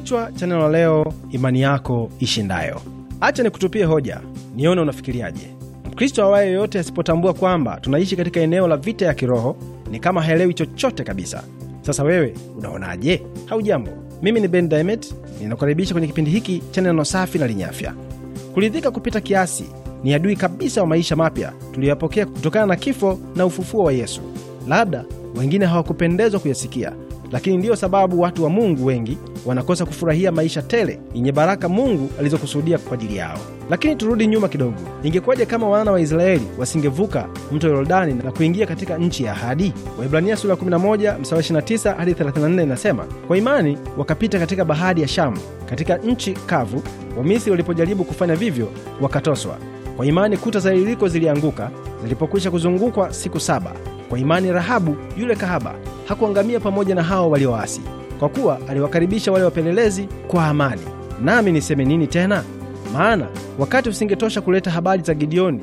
Kichwa cha neno la leo, imani yako ishindayo. Acha nikutupie hoja, nione unafikiriaje. Mkristo awaye yoyote asipotambua kwamba tunaishi katika eneo la vita ya kiroho ni kama haelewi chochote kabisa. Sasa wewe unaonaje? Haujambo, mimi ni Ben Diamond, ninakukaribisha kwenye kipindi hiki cha neno safi na lenye afya. Kuridhika kupita kiasi ni adui kabisa wa maisha mapya tuliyoyapokea kutokana na kifo na ufufuo wa Yesu. Labda wengine hawakupendezwa kuyasikia, lakini ndiyo sababu watu wa Mungu wengi wanakosa kufurahia maisha tele yenye baraka Mungu alizokusudia kwa ajili yao. Lakini turudi nyuma kidogo. Ingekuwaje kama wana wa Israeli wasingevuka mto Yordani na kuingia katika nchi ya ahadi? Waibrania sura 11 mstari 29 hadi 34 inasema, kwa imani wakapita katika bahari ya Shamu katika nchi kavu, Wamisri walipojaribu kufanya vivyo wakatoswa. Kwa imani kuta za Yeriko zilianguka zilipokwisha kuzungukwa siku saba. Kwa imani Rahabu yule kahaba hakuangamia pamoja na hao walioasi, kwa kuwa aliwakaribisha wale wapelelezi kwa amani. Nami niseme nini tena? Maana wakati usingetosha kuleta habari za Gideoni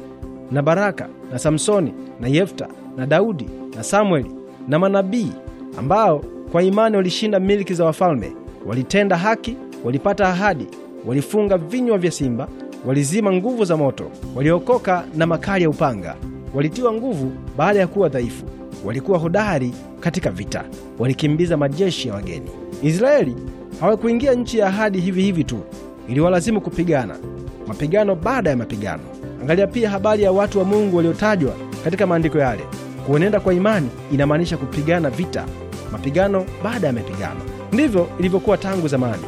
na Baraka na Samsoni na Yefta na Daudi na Samueli na manabii ambao kwa imani walishinda miliki za wafalme, walitenda haki, walipata ahadi, walifunga vinywa vya simba, walizima nguvu za moto, waliokoka na makali ya upanga walitiwa nguvu baada ya kuwa dhaifu. Walikuwa hodari katika vita, walikimbiza majeshi ya wageni. Israeli hawakuingia nchi ya ahadi hivi hivi tu, iliwalazimu kupigana, mapigano baada ya mapigano. Angalia pia habari ya watu wa Mungu waliotajwa katika maandiko yale. Kuenenda kwa imani inamaanisha kupigana vita, mapigano baada ya mapigano. Ndivyo ilivyokuwa tangu zamani.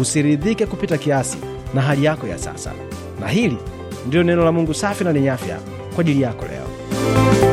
Usiridhike kupita kiasi na hali yako ya sasa. Na hili ndilo neno la Mungu safi na lenye afya kwa ajili yako leo.